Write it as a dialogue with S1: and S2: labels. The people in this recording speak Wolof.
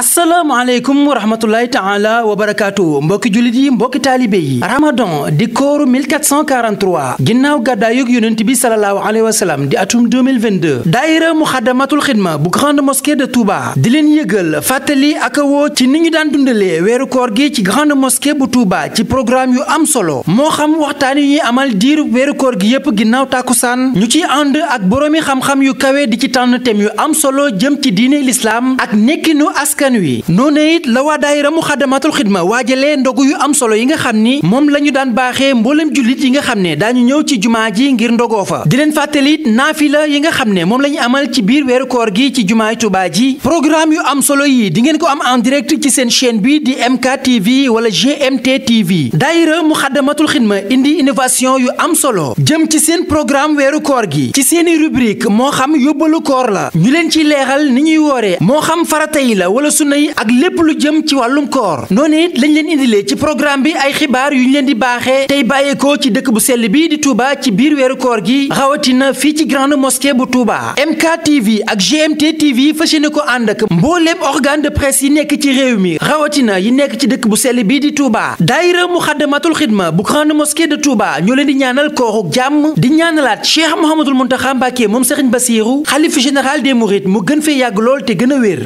S1: asalaamaaleykum wa rahmatulahi taala wa barakaatu mbokki jullit yi mbokki taalibe yi ramadan di kooru 1443 ginnaaw gàddaayug yonent bi salallaahu alayhi wa salaam di atum 2022 daayira muxaddamatul xidma bu grande mosquée de Touba di leen yëgal fàttali ak woo ci ni ñu daan dundalee weeru koor gi ci grande mosquée bu Touba ci programme yu am solo moo xam waxtaan yu ñuy amal diir weeru koor gi yépp ginnaaw tàkkusaan ñu ci ànd ak boroomi xam-xam yu kawe di ci tànn tem yu am solo jëm ci diine lislaam ak nekkinu askan askan wi noonee it la waa daayira mu xadamatul xidma waajalee ndogu yu am solo yi nga xam ni moom la daan baaxee mboolem jullit yi nga xam ne daañu ñëw ci jumaa ji ngir ndogoo fa di leen fàttali it naafila yi nga xam ne moom la ñu amal ci biir weeru koor gi ci jumaay Tuubaa ji programme yu am solo yi di ngeen ko am en direct ci seen chaîne bi di MK TV wala GMT TV daayira mu xadamatul xidma indi innovation yu am solo jëm ci seen programme weeru koor gi ci seeni rubrique moo xam yóbbalu koor la ñu wàllu sunna yi ak lépp lu jëm ci wàllum koor noonu it lañ leen indilee ci programme bi ay xibaar yu ñu leen di baaxee tey bàyyeekoo ci dëkk bu sell bii di Touba ci biir weeru koor gi rawatina fii ci grande mosquée bu Touba MKTV ak GMT TV fas ne ko ànd ak mbooleem organe de presse yi nekk ci réew mi rawatina yi nekk ci dëkk bu sell bii di Touba mu Muxaddamatul Xidma bu grande mosquée de Touba ñoo leen di ñaanal kooru jàmm di ñaanalaat Cheikh Mouhamadoul Mountakha Mbacké moom Serigne Bassirou xalifa général des Mourides mu gën fee yàgg lool te gën a wér